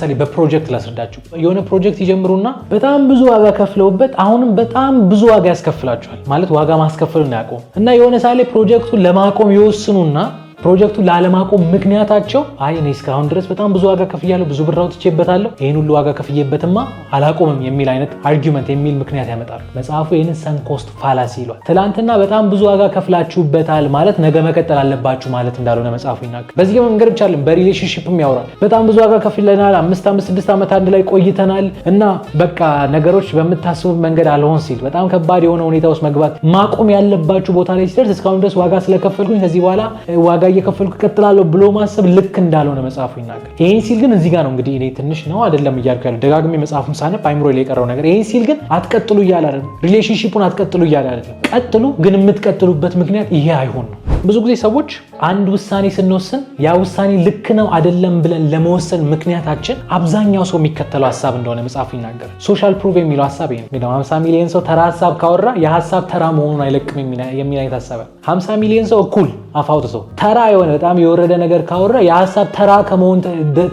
ለምሳሌ በፕሮጀክት ላስረዳችሁ። የሆነ ፕሮጀክት ይጀምሩና በጣም ብዙ ዋጋ ከፍለውበት አሁንም በጣም ብዙ ዋጋ ያስከፍላቸዋል። ማለት ዋጋ ማስከፈል ነው ያቆም እና የሆነ ሳሌ ፕሮጀክቱን ለማቆም ይወስኑና ፕሮጀክቱን ላለማቆም ምክንያታቸው አይ እኔ እስካሁን ድረስ በጣም ብዙ ዋጋ ከፍያለሁ፣ ብዙ ብር አውጥቼበታለሁ፣ ይህን ሁሉ ዋጋ ከፍዬበትማ አላቆምም የሚል አይነት አርጊመንት የሚል ምክንያት ያመጣሉ። መጽሐፉ ይህንን ሰንኮስት ፋላሲ ይሏል። ትናንትና በጣም ብዙ ዋጋ ከፍላችሁበታል ማለት ነገ መቀጠል አለባችሁ ማለት እንዳልሆነ መጽሐፉ ይናገራል። በዚህ መንገድ ብቻለን አይደለም፣ በሪሌሽንሽፕም ያወራል። በጣም ብዙ ዋጋ ከፍለናል፣ አምስት አምስት ስድስት ዓመት አንድ ላይ ቆይተናል እና በቃ ነገሮች በምታስቡት መንገድ አልሆን ሲል በጣም ከባድ የሆነ ሁኔታ ውስጥ መግባት ማቆም ያለባችሁ ቦታ ላይ ሲደርስ እስካሁን ድረስ ዋጋ ስለከፈልኩኝ ከዚህ በኋላ ዋጋ እየከፈልኩ ይቀጥላለሁ ብሎ ማሰብ ልክ እንዳልሆነ መጽሐፉ ይናገር። ይህን ሲል ግን እዚህ ጋር ነው እንግዲህ እኔ ትንሽ ነው አይደለም እያልኩ ያለ ደጋግሜ መጽሐፉን ሳነብ አይምሮ ላይ የቀረው ነገር ይህን ሲል ግን አትቀጥሉ እያለ አይደለም፣ ሪሌሽንሺፑን አትቀጥሉ እያለ አይደለም። ቀጥሉ፣ ግን የምትቀጥሉበት ምክንያት ይሄ አይሆን ነው ብዙ ጊዜ ሰዎች አንድ ውሳኔ ስንወስን ያ ውሳኔ ልክ ነው አይደለም ብለን ለመወሰን ምክንያታችን አብዛኛው ሰው የሚከተለው ሀሳብ እንደሆነ መጽሐፉ ይናገር። ሶሻል ፕሩቭ የሚለው ሀሳብ ይሄ ነው። 50 ሚሊዮን ሰው ተራ ሀሳብ ካወራ የሀሳብ ተራ መሆኑን አይለቅም የሚል አይነት ሀሳብ 50 ሚሊዮን ሰው እኩል አፋውት ሰው ተራ የሆነ በጣም የወረደ ነገር ካወራ የሀሳብ ተራ ከመሆን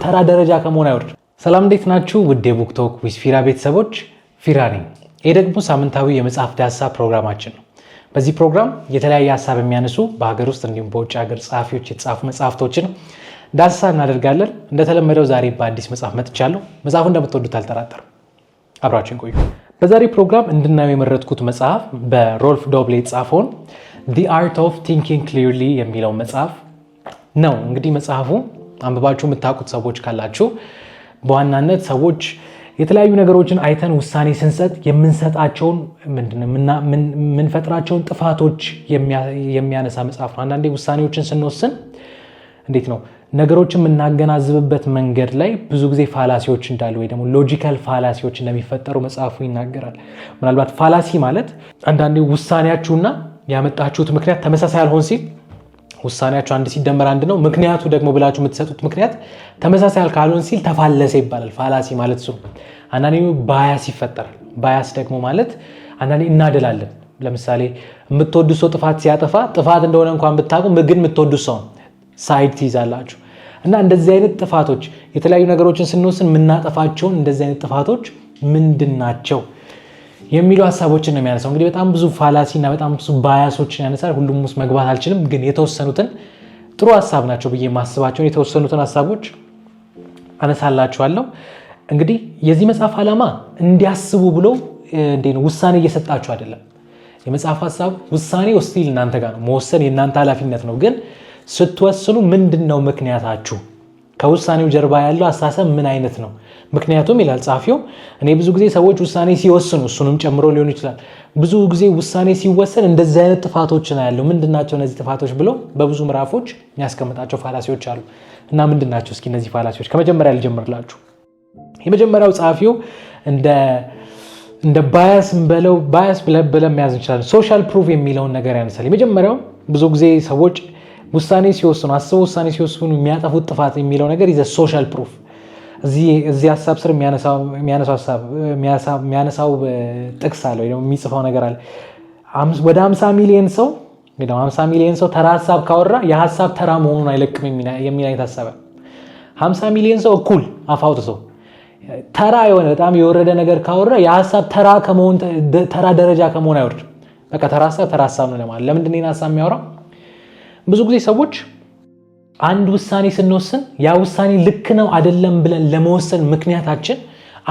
ተራ ደረጃ ከመሆን አይወርድ። ሰላም እንዴት ናችሁ? ውድ ቡክቶክ ዊዝ ፊራ ቤተሰቦች ፊራ ነኝ። ይህ ደግሞ ሳምንታዊ የመጽሐፍ ዳሰሳ ፕሮግራማችን ነው። በዚህ ፕሮግራም የተለያየ ሀሳብ የሚያነሱ በሀገር ውስጥ እንዲሁም በውጭ ሀገር ጸሐፊዎች የተጻፉ መጽሐፍቶችን ዳሰሳ እናደርጋለን። እንደተለመደው ዛሬ በአዲስ መጽሐፍ መጥቻለሁ። መጽሐፉ እንደምትወዱት አልጠራጠርም። አብራችን ቆዩ። በዛሬ ፕሮግራም እንድናየው የመረጥኩት መጽሐፍ በሮልፍ ዶብሌ የተጻፈውን ዲ አርት ኦፍ ቲንኪንግ ክሊርሊ የሚለው መጽሐፍ ነው። እንግዲህ መጽሐፉ አንብባችሁ የምታውቁት ሰዎች ካላችሁ በዋናነት ሰዎች የተለያዩ ነገሮችን አይተን ውሳኔ ስንሰጥ የምንሰጣቸውን የምንፈጥራቸውን ጥፋቶች የሚያነሳ መጽሐፍ ነው። አንዳንዴ ውሳኔዎችን ስንወስን እንዴት ነው ነገሮችን የምናገናዝብበት መንገድ ላይ ብዙ ጊዜ ፋላሲዎች እንዳሉ ወይ ደግሞ ሎጂካል ፋላሲዎች እንደሚፈጠሩ መጽሐፉ ይናገራል። ምናልባት ፋላሲ ማለት አንዳንዴ ውሳኔያችሁና ያመጣችሁት ምክንያት ተመሳሳይ አልሆን ሲል ውሳኔያቸው አንድ ሲደመር አንድ ነው። ምክንያቱ ደግሞ ብላችሁ የምትሰጡት ምክንያት ተመሳሳይ ካልሆን ሲል ተፋለሰ ይባላል። ፋላሲ ማለት ሱ አንዳንዴ ባያስ ይፈጠራል። ባያስ ደግሞ ማለት አንዳንዴ እናደላለን። ለምሳሌ የምትወዱ ሰው ጥፋት ሲያጠፋ ጥፋት እንደሆነ እንኳን ብታውቁ ግን የምትወዱ ሰው ሳይድ ትይዛላችሁ እና እንደዚህ አይነት ጥፋቶች የተለያዩ ነገሮችን ስንወስን የምናጠፋቸውን እንደዚህ አይነት ጥፋቶች ምንድን ናቸው? የሚሉ ሀሳቦችን ነው የሚያነሳው። እንግዲህ በጣም ብዙ ፋላሲ እና በጣም ብዙ ባያሶችን ያነሳል። ሁሉም ውስጥ መግባት አልችልም፣ ግን የተወሰኑትን ጥሩ ሀሳብ ናቸው ብዬ ማስባቸውን የተወሰኑትን ሀሳቦች አነሳላችኋለሁ። እንግዲህ የዚህ መጽሐፍ ዓላማ እንዲያስቡ ብሎ ውሳኔ እየሰጣችሁ አይደለም። የመጽሐፍ ሀሳብ ውሳኔ ስቲል እናንተ ጋር ነው፣ መወሰን የእናንተ ኃላፊነት ነው። ግን ስትወስኑ ምንድን ነው ምክንያታችሁ? ከውሳኔው ጀርባ ያለው አስተሳሰብ ምን አይነት ነው? ምክንያቱም ይላል ጻፊው እኔ ብዙ ጊዜ ሰዎች ውሳኔ ሲወስኑ እሱንም ጨምሮ ሊሆን ይችላል ብዙ ጊዜ ውሳኔ ሲወሰን እንደዚህ አይነት ጥፋቶች ና ያለው። ምንድን ናቸው እነዚህ ጥፋቶች ብሎ በብዙ ምዕራፎች የሚያስቀምጣቸው ፋላሲዎች አሉ እና ምንድናቸው ናቸው እስኪ እነዚህ ፋላሲዎች? ከመጀመሪያ ልጀምርላችሁ። የመጀመሪያው ጸሐፊው እንደ እንደ ባያስ በለው ባያስ ብለን መያዝ እንችላለን። ሶሻል ፕሩፍ የሚለውን ነገር ያነሳል። የመጀመሪያው ብዙ ጊዜ ሰዎች ውሳኔ ሲወስኑ አስበ ውሳኔ ሲወስኑ የሚያጠፉት ጥፋት የሚለው ነገር ይዘ ሶሻል ፕሩፍ እዚህ ሀሳብ ስር የሚያነሳው ጥቅስ አለ ወይ የሚጽፈው ነገር አለ። ወደ 50 ሚሊዮን ሰው እንግዲህ 50 ሚሊዮን ሰው ተራ ሀሳብ ካወራ የሀሳብ ተራ መሆኑን አይለቅም የሚል አይነት ሀሳብ 50 ሚሊዮን ሰው እኩል አፋውት ሰው ተራ የሆነ በጣም የወረደ ነገር ካወራ የሀሳብ ተራ ከመሆን ተራ ደረጃ ከመሆን አይወርድም በቃ ተራ ሀሳብ ተራ ሀሳብ ነው ለማለት። ለምንድን ሀሳብ የሚያወራው? ብዙ ጊዜ ሰዎች አንድ ውሳኔ ስንወስን ያ ውሳኔ ልክ ነው አይደለም ብለን ለመወሰን ምክንያታችን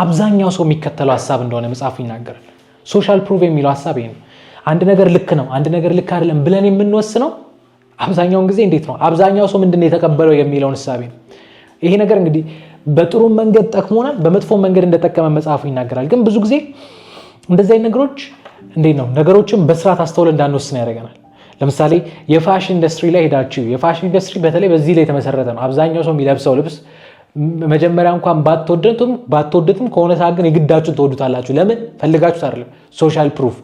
አብዛኛው ሰው የሚከተለው ሀሳብ እንደሆነ መጽሐፉ ይናገራል። ሶሻል ፕሩቭ የሚለው ሀሳብ ይሄ ነው። አንድ ነገር ልክ ነው፣ አንድ ነገር ልክ አይደለም ብለን የምንወስነው አብዛኛውን ጊዜ እንዴት ነው አብዛኛው ሰው ምንድን የተቀበለው የሚለውን ሀሳቤ ነው። ይሄ ነገር እንግዲህ በጥሩ መንገድ ጠቅሞናል፣ በመጥፎ መንገድ እንደጠቀመ መጽሐፉ ይናገራል። ግን ብዙ ጊዜ እንደዚህ ነገሮች እንዴት ነው ነገሮችን በስርዓት አስተውለን እንዳንወስን ያደርገናል። ለምሳሌ የፋሽን ኢንዱስትሪ ላይ ሄዳችሁ የፋሽን ኢንዱስትሪ በተለይ በዚህ ላይ የተመሰረተ ነው። አብዛኛው ሰው የሚለብሰው ልብስ መጀመሪያ እንኳን ባትወደቱም ባትወደትም ከሆነ ሰ ግን የግዳችሁን ትወዱታላችሁ። ለምን ፈልጋችሁ አይደለም። ሶሻል ፕሩፍ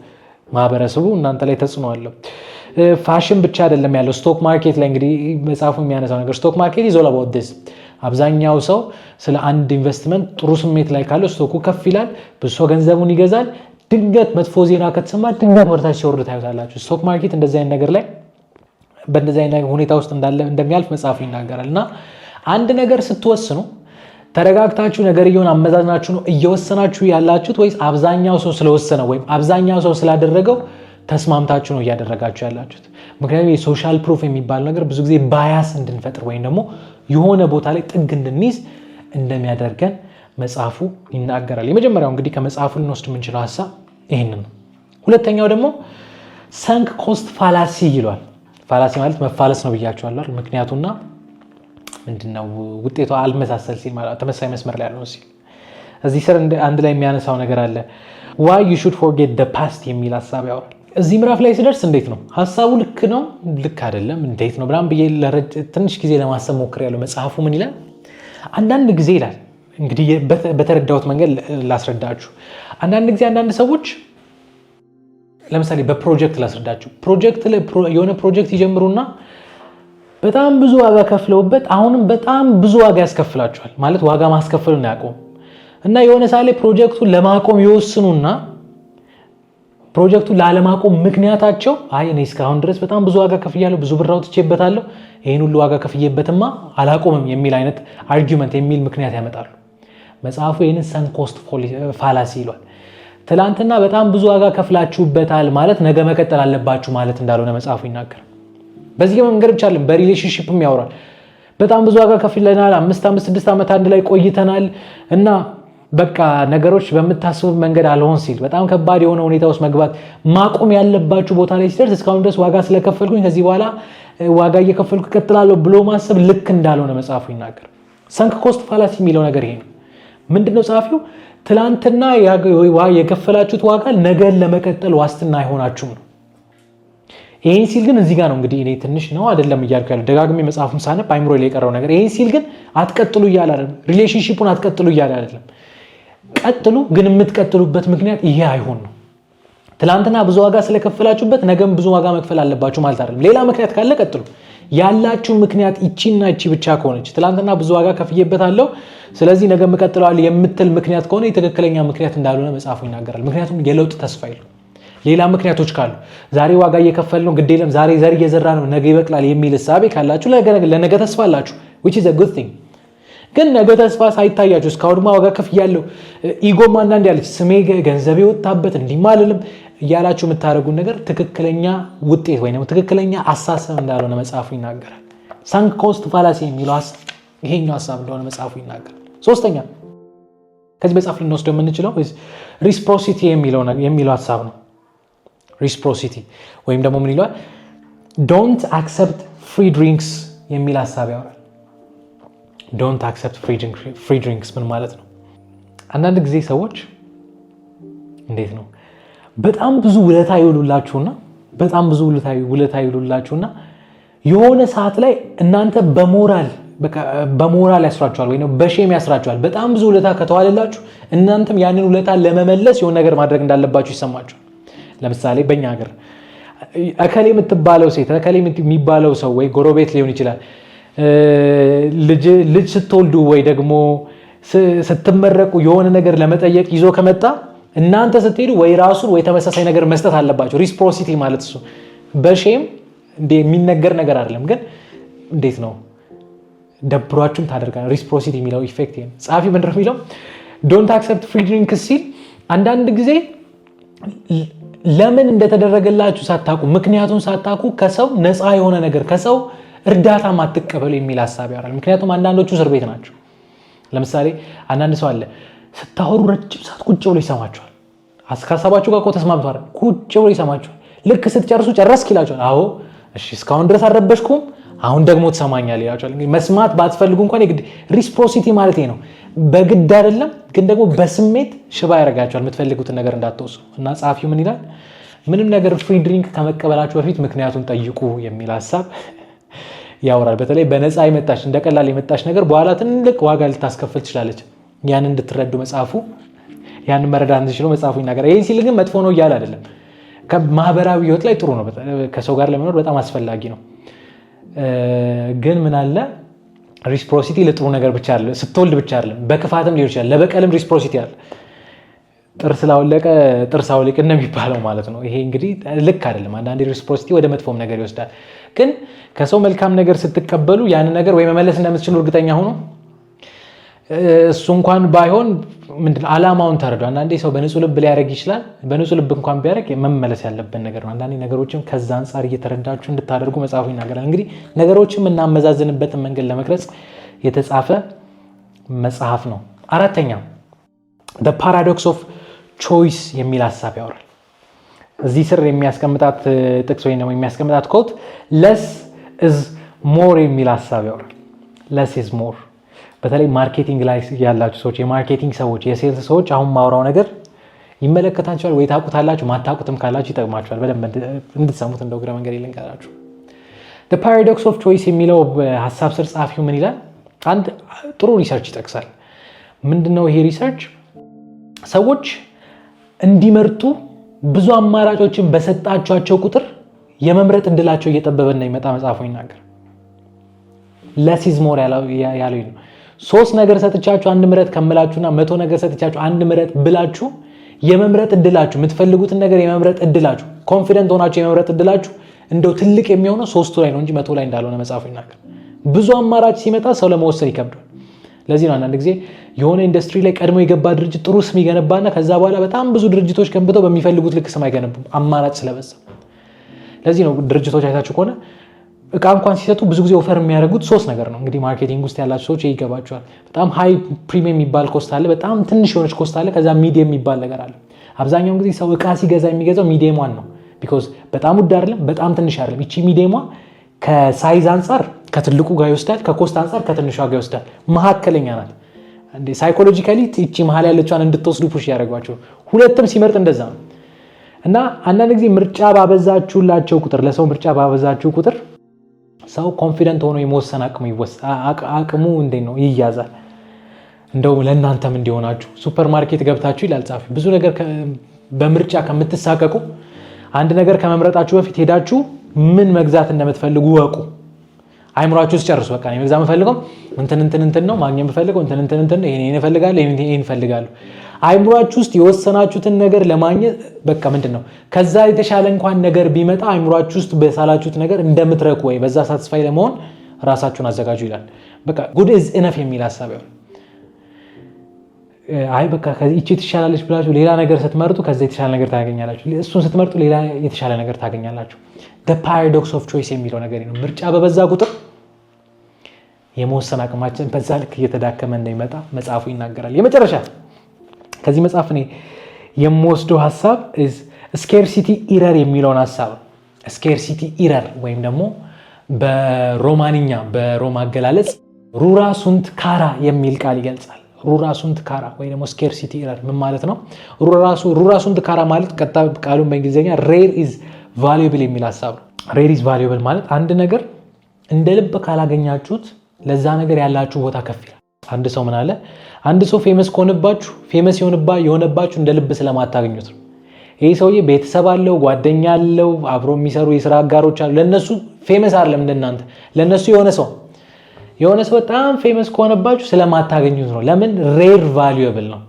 ማህበረሰቡ እናንተ ላይ ተጽዕኖ አለው። ፋሽን ብቻ አይደለም ያለው ስቶክ ማርኬት ላይ እንግዲህ መጽሐፉ የሚያነሳው ነገር ስቶክ ማርኬት ይዞ አብዛኛው ሰው ስለ አንድ ኢንቨስትመንት ጥሩ ስሜት ላይ ካለው ስቶኩ ከፍ ይላል፣ ብሶ ገንዘቡን ይገዛል፣ ድንገት መጥፎ ዜና ከተሰማ ድንገት ወደታች ሲወርድ ታዩታላችሁ። ስቶክ ማርኬት እንደዚህ አይነት ነገር ላይ በእንደዚህ አይነት ሁኔታ ውስጥ እንዳለ እንደሚያልፍ መጽሐፉ ይናገራል። እና አንድ ነገር ስትወስኑ ተረጋግታችሁ እየሆን አመዛዝናችሁ ነው እየወሰናችሁ ያላችሁት ወይስ አብዛኛው ሰው ስለወሰነ ወይም አብዛኛው ሰው ስላደረገው ተስማምታችሁ ነው እያደረጋችሁ ያላችሁት? ምክንያቱም የሶሻል ፕሩፍ የሚባለው ነገር ብዙ ጊዜ ባያስ እንድንፈጥር ወይም ደግሞ የሆነ ቦታ ላይ ጥግ እንድንይዝ እንደሚያደርገን መጽሐፉ ይናገራል። የመጀመሪያው እንግዲህ ከመጽሐፉ ልንወስድ የምንችለው ሀሳብ ይህንን ነው። ሁለተኛው ደግሞ ሰንክ ኮስት ፋላሲ ይሏል። ፋላሲ ማለት መፋለስ ነው ብያቸዋለሁ። ምክንያቱና ምንድነው ውጤቷ አልመሳሰል ሲል ተመሳሳይ መስመር ላይ ያለው ሲል እዚህ ስር አንድ ላይ የሚያነሳው ነገር አለ። ዋይ ዩ ሹድ ፎርጌት ደ ፓስት የሚል ሀሳብ ያወራል። እዚህ ምዕራፍ ላይ ስደርስ እንዴት ነው ሀሳቡ ልክ ነው ልክ አይደለም እንዴት ነው ብራም ብዬ ትንሽ ጊዜ ለማሰብ ያለው መጽሐፉ ምን ይላል? አንዳንድ ጊዜ ይላል እንግዲህ በተረዳሁት መንገድ ላስረዳችሁ። አንዳንድ ጊዜ አንዳንድ ሰዎች ለምሳሌ በፕሮጀክት ላስረዳችሁ። ፕሮጀክት የሆነ ፕሮጀክት ይጀምሩና በጣም ብዙ ዋጋ ከፍለውበት አሁንም በጣም ብዙ ዋጋ ያስከፍላቸዋል። ማለት ዋጋ ማስከፈሉን አያቆም እና የሆነ ሳሌ ፕሮጀክቱን ለማቆም ይወስኑና ፕሮጀክቱን ላለማቆም ምክንያታቸው አይ እኔ እስካሁን ድረስ በጣም ብዙ ዋጋ ከፍያለሁ፣ ብዙ ብር አውጥቼበታለሁ፣ ይህን ሁሉ ዋጋ ከፍዬበትማ አላቆምም የሚል አይነት አርጊመንት የሚል ምክንያት ያመጣሉ። መጽሐፉ ይህንን ሰንኮስት ኮስት ፋላሲ ይሏል። ትላንትና በጣም ብዙ ዋጋ ከፍላችሁበታል ማለት ነገ መቀጠል አለባችሁ ማለት እንዳልሆነ መጽሐፉ ይናገራል። በዚህ መንገድ ብቻለን በሪሌሽንሽፕም ያወራል። በጣም ብዙ ዋጋ ከፍለናል፣ አምስት አምስት ስድስት ዓመት አንድ ላይ ቆይተናል እና በቃ ነገሮች በምታስቡ መንገድ አልሆን ሲል በጣም ከባድ የሆነ ሁኔታ ውስጥ መግባት ማቆም ያለባችሁ ቦታ ላይ ሲደርስ እስካሁን ድረስ ዋጋ ስለከፈልኩኝ ከዚህ በኋላ ዋጋ እየከፈልኩ ይቀጥላለሁ ብሎ ማሰብ ልክ እንዳልሆነ መጽሐፉ ይናገር። ሰንክ ኮስት ፋላሲ የሚለው ነገር ይሄ ነው። ምንድነው ጸሐፊው ትላንትና የከፈላችሁት ዋጋ ነገን ለመቀጠል ዋስትና አይሆናችሁም ነው። ይህን ሲል ግን እዚህ ጋር ነው እንግዲህ እኔ ትንሽ ነው አይደለም እያልኩ ያለው ደጋግሜ መጽሐፉን ሳነብ አይምሮ ላይ የቀረው ነገር ይህን ሲል ግን አትቀጥሉ እያለ አለም ሪሌሽንሺፑን አትቀጥሉ እያለ አይደለም። ቀጥሉ፣ ግን የምትቀጥሉበት ምክንያት ይሄ አይሆን ነው። ትላንትና ብዙ ዋጋ ስለከፈላችሁበት ነገም ብዙ ዋጋ መክፈል አለባችሁ ማለት አይደለም። ሌላ ምክንያት ካለ ቀጥሉ። ያላችሁ ምክንያት ይቺና ይቺ ብቻ ከሆነች ትላንትና ብዙ ዋጋ ከፍዬበታለሁ፣ ስለዚህ ነገ ምቀጥለዋል የምትል ምክንያት ከሆነ የትክክለኛ ምክንያት እንዳልሆነ መጽሐፉ ይናገራል። ምክንያቱም የለውጥ ተስፋ ይሉ ሌላ ምክንያቶች ካሉ ዛሬ ዋጋ እየከፈል ነው፣ ግዴለም ዛሬ ዘር እየዘራ ነው፣ ነገ ይበቅላል የሚል እሳቤ ካላችሁ ለነገ ተስፋ አላችሁ። ግን ነገ ተስፋ ሳይታያችሁ እስካሁንማ ዋጋ ከፍ ያለው ኢጎም አንዳንድ ያለች ስሜ ገንዘብ የወጣበት እንዲማልልም እያላችሁ የምታደርጉን ነገር ትክክለኛ ውጤት ወይም ትክክለኛ አሳሰብ እንዳልሆነ መጽሐፉ ይናገራል። ሳንክ ኮስት ፋላሲ የሚለው ሀሳብ ይሄኛው ሀሳብ እንደሆነ መጽሐፉ ይናገራል። ሶስተኛ ከዚህ መጽሐፍ ልንወስደው የምንችለው ሪስፕሮሲቲ የሚለው ሀሳብ ነው። ሪስፕሮሲቲ ወይም ደግሞ ምን ይለዋል? ዶንት አክሰፕት ፍሪ ድሪንክስ የሚል ሀሳብ ያወራል። ዶንት አክሰፕት ፍሪ ድሪንክስ ምን ማለት ነው? አንዳንድ ጊዜ ሰዎች እንዴት ነው በጣም ብዙ ውለታ ይውሉላችሁና በጣም ብዙ ውለታ ይውሉላችሁና የሆነ ሰዓት ላይ እናንተ በሞራል በሞራል ያስራችኋል ወይ በሼም ያስራችኋል። በጣም ብዙ ውለታ ከተዋለላችሁ እናንተም ያንን ውለታ ለመመለስ የሆነ ነገር ማድረግ እንዳለባችሁ ይሰማችሁ ለምሳሌ በእኛ ሀገር እከሌ የምትባለው ሴት እከሌ የሚባለው ሰው ወይ ጎረቤት ሊሆን ይችላል ልጅ ስትወልዱ ወይ ደግሞ ስትመረቁ የሆነ ነገር ለመጠየቅ ይዞ ከመጣ እናንተ ስትሄዱ ወይ ራሱን ወይ ተመሳሳይ ነገር መስጠት አለባቸው። ሪስፕሮሲቲ ማለት እሱ በሼም የሚነገር ነገር አይደለም፣ ግን እንዴት ነው ደብሯችሁም ታደርጋ ሪስፕሮሲቲ የሚለው ኢፌክት ጸሐፊ ምንድነው የሚለው ዶንት አክሰፕት ፍሪ ሲል አንዳንድ ጊዜ ለምን እንደተደረገላችሁ ሳታቁ ምክንያቱን ሳታቁ ከሰው ነፃ የሆነ ነገር ከሰው እርዳታ ማትቀበሉ የሚል ሀሳብ ያወራል። ምክንያቱም አንዳንዶቹ እስር ቤት ናቸው። ለምሳሌ አንዳንድ ሰው አለ ስታወሩ ረጅም ሰዓት ቁጭ ብሎ ይሰማቸዋል። ከሀሳባችሁ ጋር እኮ ቁጭ ብሎ ይሰማቸዋል። ልክ ስትጨርሱ ጨረስክ ይላቸዋል። አዎ እሺ፣ እስካሁን ድረስ አልረበሽኩም፣ አሁን ደግሞ ትሰማኛል ይላቸዋል። እንግዲህ መስማት ባትፈልጉ እንኳን የግድ ሪስፕሮሲቲ ማለት ነው። በግድ አይደለም ግን ደግሞ በስሜት ሽባ ያደርጋቸዋል የምትፈልጉትን ነገር እንዳትወሱ እና ጸሐፊው ምን ይላል? ምንም ነገር ፍሪ ድሪንክ ከመቀበላችሁ በፊት ምክንያቱን ጠይቁ የሚል ሀሳብ ያወራል። በተለይ በነፃ የመጣች እንደ ቀላል የመጣች ነገር በኋላ ትልቅ ዋጋ ልታስከፍል ትችላለች። ያን እንድትረዱ መጽሐፉ ያን መረዳት እንድችለው መጽሐፉ ይናገራል። ይህን ሲል ግን መጥፎ ነው እያለ አይደለም። ማህበራዊ ህይወት ላይ ጥሩ ነው፣ ከሰው ጋር ለመኖር በጣም አስፈላጊ ነው። ግን ምን አለ ሪስፕሮሲቲ ለጥሩ ነገር ብቻ አይደለም፣ ስትወልድ ብቻ አይደለም፣ በክፋትም ሊሆን ይችላል። ለበቀልም ሪስፕሮሲቲ አለ። ጥርስ ላወለቀ ጥርስ አውልቅ እንደሚባለው ማለት ነው። ይሄ እንግዲህ ልክ አይደለም። አንዳንዴ ሪስፖንሲቲ ወደ መጥፎም ነገር ይወስዳል። ግን ከሰው መልካም ነገር ስትቀበሉ ያንን ነገር ወይ መመለስ እንደምትችሉ እርግጠኛ ሆኖ እሱ እንኳን ባይሆን ምንድን አላማውን ተረዱ። አንዳንዴ ሰው በንጹህ ልብ ሊያደርግ ይችላል። በንጹህ ልብ እንኳን ቢያደርግ መመለስ ያለብን ነገር ነው። አንዳንዴ ነገሮችም ከዛ አንጻር እየተረዳችሁ እንድታደርጉ መጽሐፉ ይናገራል። እንግዲህ ነገሮችን የምናመዛዝንበትን መንገድ ለመቅረጽ የተጻፈ መጽሐፍ ነው። አራተኛ ፓራዶክስ ኦፍ ቾይስ የሚል ሀሳብ ያወራል። እዚህ ስር የሚያስቀምጣት ጥቅስ ወይም ደግሞ የሚያስቀምጣት ኮት ለስ ኢዝ ሞር የሚል ሀሳብ ያወራል። ለስ ዝ ሞር በተለይ ማርኬቲንግ ላይ ያላችሁ ሰዎች፣ የማርኬቲንግ ሰዎች፣ የሴልስ ሰዎች አሁን ማውራው ነገር ይመለከታቸዋል ወይ ታቁት አላችሁ ማታቁትም ካላችሁ ይጠቅማችኋል በደንብ እንድትሰሙት እንደው ግረ መንገድ የለን ካላችሁ ፓራዶክስ ኦፍ ቾይስ የሚለው ሀሳብ ስር ጻፊው ምን ይላል? አንድ ጥሩ ሪሰርች ይጠቅሳል። ምንድነው ይሄ ሪሰርች ሰዎች እንዲመርጡ ብዙ አማራጮችን በሰጣቸኋቸው ቁጥር የመምረጥ እድላቸው እየጠበበ እንደሚመጣ መጽሐፉ ይናገር። ለሲዝሞር ያለው ሶስት ነገር ሰጥቻችሁ አንድ ምረት ከምላችሁና መቶ ነገር ሰጥቻችሁ አንድ ምረት ብላችሁ የመምረጥ እድላችሁ የምትፈልጉትን ነገር የመምረጥ እድላችሁ ኮንፊደንት ሆናችሁ የመምረጥ እድላችሁ እንደው ትልቅ የሚሆነው ሶስቱ ላይ ነው እንጂ መቶ ላይ እንዳልሆነ መጽሐፉ ይናገር። ብዙ አማራጭ ሲመጣ ሰው ለመወሰድ ይከብዳል። ለዚህ ነው አንዳንድ ጊዜ የሆነ ኢንዱስትሪ ላይ ቀድሞ የገባ ድርጅት ጥሩ ስም ይገነባና ከዛ በኋላ በጣም ብዙ ድርጅቶች ገንብተው በሚፈልጉት ልክ ስም አይገነቡም፣ አማራጭ ስለበዛ። ለዚህ ነው ድርጅቶች አይታችሁ ከሆነ እቃ እንኳን ሲሰጡ ብዙ ጊዜ ኦፈር የሚያደርጉት ሶስት ነገር ነው። እንግዲህ ማርኬቲንግ ውስጥ ያላቸው ሰዎች ይገባቸዋል። በጣም ሃይ ፕሪሚየም የሚባል ኮስት አለ፣ በጣም ትንሽ የሆነች ኮስት አለ፣ ከዛ ሚዲየም የሚባል ነገር አለ። አብዛኛውን ጊዜ ሰው እቃ ሲገዛ የሚገዛው ሚዲየም ዋን ነው። ቢኮዝ በጣም ውድ አይደለም፣ በጣም ትንሽ አይደለም። ይቺ ሚዲየም ከሳይዝ አንጻር ከትልቁ ጋር ይወስዳል፣ ከኮስት አንጻር ከትንሿ ጋር ይወስዳል። መካከለኛ ናት። እንዴ ሳይኮሎጂካሊ እቺ መሀል ያለችዋን እንድትወስዱ ፑሽ ያደረጓቸው። ሁለትም ሲመርጥ እንደዛ ነው። እና አንዳንድ ጊዜ ምርጫ ባበዛችሁላቸው ቁጥር ለሰው ምርጫ ባበዛችሁ ቁጥር ሰው ኮንፊደንት ሆኖ የመወሰን አቅሙ አቅሙ እንዴ ነው ይያዛል። እንደው ለእናንተም እንዲሆናችሁ ሱፐር ማርኬት ገብታችሁ ይላል ጻፊ ብዙ ነገር በምርጫ ከምትሳቀቁ አንድ ነገር ከመምረጣችሁ በፊት ሄዳችሁ ምን መግዛት እንደምትፈልጉ ወቁ። አይምሯችሁ ውስጥ ጨርሱ። በቃ መግዛት የምፈልገው እንትን እንትን እንትን ነው፣ ማግኘት የምፈልገው እንትን እንትን እንትን ነው፣ ይሄን እፈልጋለሁ፣ ይሄን እፈልጋለሁ። አይምሯችሁ ውስጥ የወሰናችሁትን ነገር ለማግኘት በቃ ምንድን ነው ከዛ የተሻለ እንኳን ነገር ቢመጣ አይምሯችሁ ውስጥ በሳላችሁት ነገር እንደምትረኩ ወይ በዛ ሳትስፋይ ለመሆን ራሳችሁን አዘጋጁ ይላል። በቃ ጉድ ኢዝ ኢነፍ የሚል ሀሳብ አይ በቃ ከዚች ትሻላለች ብላችሁ ሌላ ነገር ስትመርጡ ከዚ የተሻለ ነገር ታገኛላችሁ። እሱን ስትመርጡ ሌላ የተሻለ ነገር ታገኛላችሁ። ፓራዶክስ ኦፍ ቾይስ የሚለው ነገር ነው። ምርጫ በበዛ ቁጥር የመወሰን አቅማችን በዛ ልክ እየተዳከመ እንደሚመጣ መጽሐፉ ይናገራል። የመጨረሻ ከዚህ መጽሐፍ እኔ የምወስደው ሀሳብ ስኬርሲቲ ኢረር የሚለውን ሀሳብ ስኬርሲቲ ኢረር ወይም ደግሞ በሮማንኛ በሮማ አገላለጽ ሩራ ሱንት ካራ የሚል ቃል ይገልጻል። ሩራሱን ትካራ ወይ ደግሞ ስኬርሲቲ ይላል። ምን ማለት ነው? ሩራሱን ትካራ ማለት ቀጣ ቃሉን በእንግሊዝኛ ሬር ኢዝ ቫሉብል የሚል ሀሳብ ነው። ሬር ኢዝ ቫሉብል ማለት አንድ ነገር እንደ ልብ ካላገኛችሁት ለዛ ነገር ያላችሁ ቦታ ከፍ ይላል። አንድ ሰው ምን አለ፣ አንድ ሰው ፌመስ ከሆነባችሁ ፌመስ የሆነባችሁ እንደ ልብ ስለማታገኙት ነው። ይህ ሰውዬ ቤተሰብ አለው፣ ጓደኛ አለው፣ አብሮ የሚሰሩ የስራ አጋሮች አሉ። ለእነሱ ፌመስ አይደለም እንደናንተ፣ ለእነሱ የሆነ ሰው የሆነ ሰው በጣም ፌመስ ከሆነባችሁ ስለማታገኙት ነው። ለምን ሬር ቫሉየብል ነው።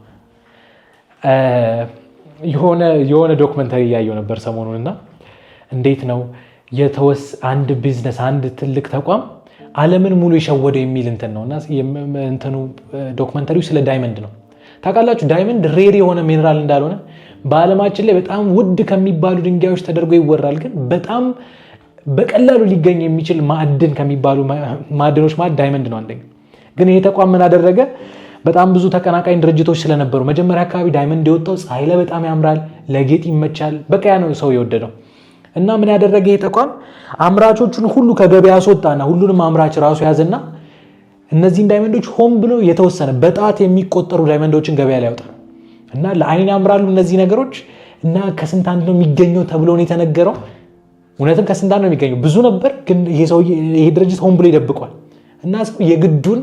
የሆነ ዶክመንተሪ እያየው ነበር ሰሞኑን እና እንዴት ነው የተወስ አንድ ቢዝነስ አንድ ትልቅ ተቋም አለምን ሙሉ የሸወደ የሚል እንትን ነው እና እንትኑ ዶክመንተሪው ስለ ዳይመንድ ነው። ታውቃላችሁ ዳይመንድ ሬር የሆነ ሚኔራል እንዳልሆነ በዓለማችን ላይ በጣም ውድ ከሚባሉ ድንጋዮች ተደርጎ ይወራል። ግን በጣም በቀላሉ ሊገኝ የሚችል ማዕድን ከሚባሉ ማዕድኖች ማለት ዳይመንድ ነው አንደኛ። ግን ይሄ ተቋም ምን አደረገ? በጣም ብዙ ተቀናቃኝ ድርጅቶች ስለነበሩ መጀመሪያ አካባቢ ዳይመንድ የወጣው ፀሐይ ላይ በጣም ያምራል፣ ለጌጥ ይመቻል፣ በቃ ያ ነው ሰው የወደደው እና ምን ያደረገ ይሄ ተቋም አምራቾቹን ሁሉ ከገበያ አስወጣና ሁሉንም አምራች ራሱ ያዘና እነዚህን ዳይመንዶች ሆን ብሎ የተወሰነ በጣት የሚቆጠሩ ዳይመንዶችን ገበያ ላይ ያወጣ እና ለአይን ያምራሉ እነዚህ ነገሮች እና ከስንት አንድ ነው የሚገኘው ተብሎ ነው የተነገረው እውነትም ከስንታ ነው የሚገኘው? ብዙ ነበር፣ ግን ይሄ ድርጅት ሆን ብሎ ይደብቋል እና ሰው የግዱን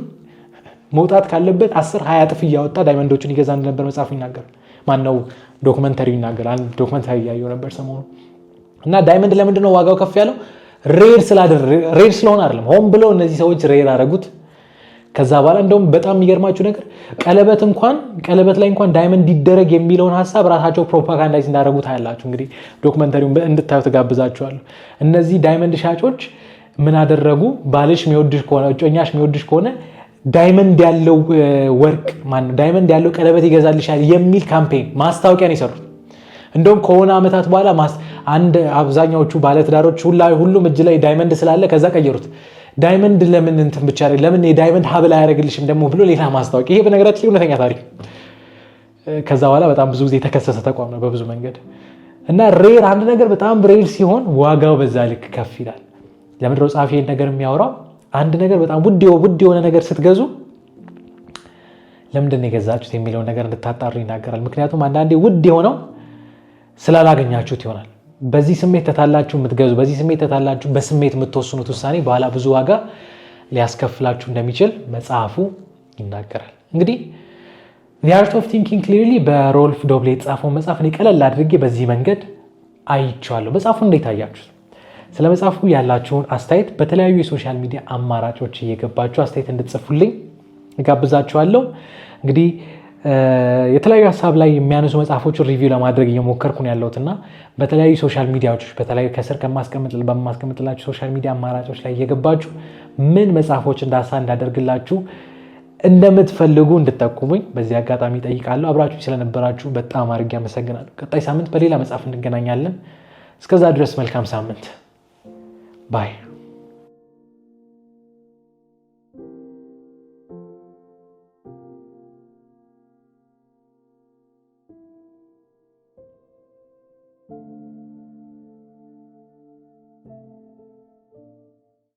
መውጣት ካለበት አስር ሀያ ጥፍ እያወጣ ዳይመንዶቹን ይገዛ እንደነበር መጽሐፉ ይናገራል። ማነው ዶክመንተሪው ይናገር አንድ ዶክመንተሪ እያየሁ ነበር ሰሞኑ እና ዳይመንድ ለምንድነው ዋጋው ከፍ ያለው? ሬር ስለሆነ አይደለም። ሆን ብለው እነዚህ ሰዎች ሬር አረጉት ከዛ በኋላ እንደውም በጣም የሚገርማችሁ ነገር ቀለበት እንኳን ቀለበት ላይ እንኳን ዳይመንድ ይደረግ የሚለውን ሀሳብ ራሳቸው ፕሮፓጋንዳይዝ እንዳደረጉት አያላችሁ። እንግዲህ ዶክመንተሪውን እንድታዩ ትጋብዛችኋለሁ። እነዚህ ዳይመንድ ሻጮች ምን አደረጉ? ባልሽ የሚወድሽ ከሆነ እጮኛሽ የሚወድሽ ከሆነ ዳይመንድ ያለው ወርቅ ማነው ዳይመንድ ያለው ቀለበት ይገዛልሻል የሚል ካምፔን ማስታወቂያ ነው የሰሩት። እንደውም ከሆነ ዓመታት በኋላ አንድ አብዛኛዎቹ ባለትዳሮች ሁሉም እጅ ላይ ዳይመንድ ስላለ ከዛ ቀየሩት። ዳይመንድ ለምን እንትን ብቻ ለምን የዳይመንድ ሀብል አያደርግልሽም ደግሞ ብሎ ሌላ ማስታወቂያ። ይሄ በነገራችን እውነተኛ ታሪክ። ከዛ በኋላ በጣም ብዙ ጊዜ የተከሰሰ ተቋም ነው በብዙ መንገድ እና ሬር አንድ ነገር በጣም ሬር ሲሆን ዋጋው በዛ ልክ ከፍ ይላል። ለምድረ ጸሐፊ ነገር የሚያወራው አንድ ነገር በጣም ውድ ውድ የሆነ ነገር ስትገዙ ለምንድን የገዛችሁት የሚለውን ነገር እንድታጣሩ ይናገራል። ምክንያቱም አንዳንዴ ውድ የሆነው ስላላገኛችሁት ይሆናል። በዚህ ስሜት ተታላችሁ የምትገዙ በዚህ ስሜት ተታላችሁ በስሜት የምትወስኑት ውሳኔ በኋላ ብዙ ዋጋ ሊያስከፍላችሁ እንደሚችል መጽሐፉ ይናገራል። እንግዲህ ዘ አርት ኦፍ ቲንኪንግ ክሊርሊ በሮልፍ ዶብሌ የተጻፈውን መጽሐፍ እኔ ቀለል አድርጌ በዚህ መንገድ አይቸዋለሁ መጽሐፉ እንዴት አያችሁት? ስለ መጽሐፉ ያላችሁን አስተያየት በተለያዩ የሶሻል ሚዲያ አማራጮች እየገባችሁ አስተያየት እንድትጽፉልኝ እጋብዛችኋለሁ። እንግዲህ የተለያዩ ሀሳብ ላይ የሚያነሱ መጽሐፎችን ሪቪው ለማድረግ እየሞከርኩ ነው በተለያዩ ሶሻል ሚዲያዎች በተለያዩ ከስር በማስቀምጥላችሁ ሶሻል ሚዲያ አማራጮች ላይ እየገባችሁ ምን መጽሐፎች እንዳሳ እንዳደርግላችሁ እንደምትፈልጉ እንድጠቁሙኝ በዚህ አጋጣሚ ጠይቃለሁ። አብራችሁ ስለነበራችሁ በጣም አድርጌ አመሰግናለሁ። ቀጣይ ሳምንት በሌላ መጽሐፍ እንገናኛለን። እስከዛ ድረስ መልካም ሳምንት ባይ